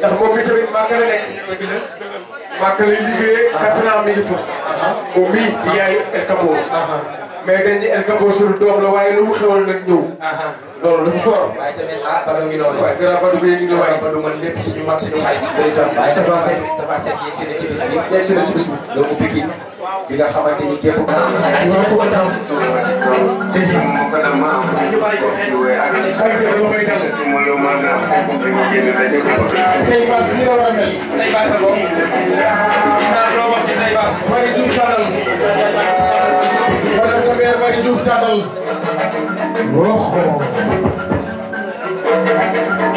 ndax moom mi tamit màkk la nekk. màkk lay liggéeyee. quatre ans mi ngi fa. moom mii di yaay El Capo. mais dañ ne El Capo suñu doom la waaye lu mu xewal nag ñëw. loolu dafa fort. waaye tamit ah Badou ngi noonu. waaye gannaaw Badou Gueye ngi noonu waaye Badou man lépp suñu mat suñu xarit. ndeysaan waaye Tafa Seck Tafa Seck yegg si na ci bis bi. yegg si na ci bis bi. doomu Pikine. bi nga xamante ni képp ku am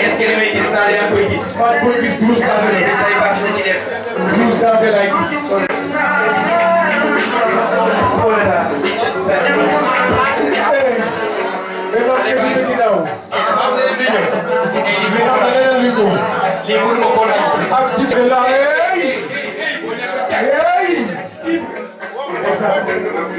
est-ce que li may gis daal yaa koy gis. maa koy gis douze café la. douze café laay gis.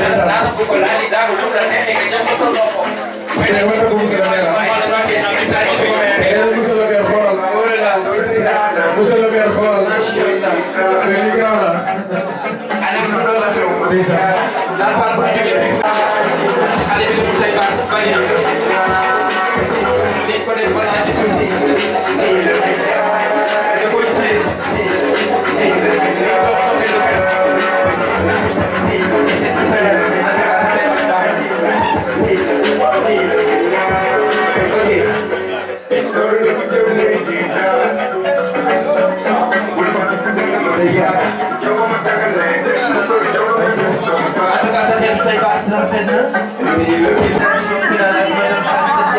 dana laal bu ko laajee daal lu mu la neexee nga jëm ko sa loxo. mais nag man de bu mu gën a leeral. waaye nag man de am na saa yu fi mu neexee. mais nag monsieur le maire xoolal. wala laa monsieur le maire xoolal. macha allah mais li gaaw la. ana mu doon la xew. dèjà. daal baal bu ñu jógee. xale bi mu say baax bari na. dañ ko def ba ci suuf si. xool xale yi di nga leen dem xam ne jàmbaar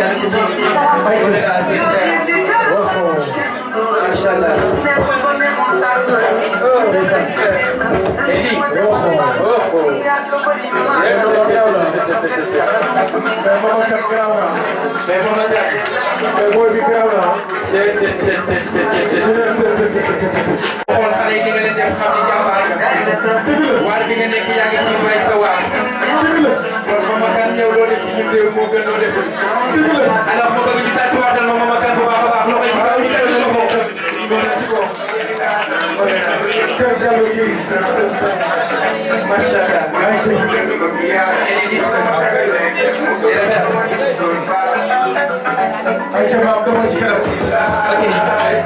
nga. waaye bi nga nekk yaa ngi ci d o l a ma b ma kan b a kaw ñ a k a y n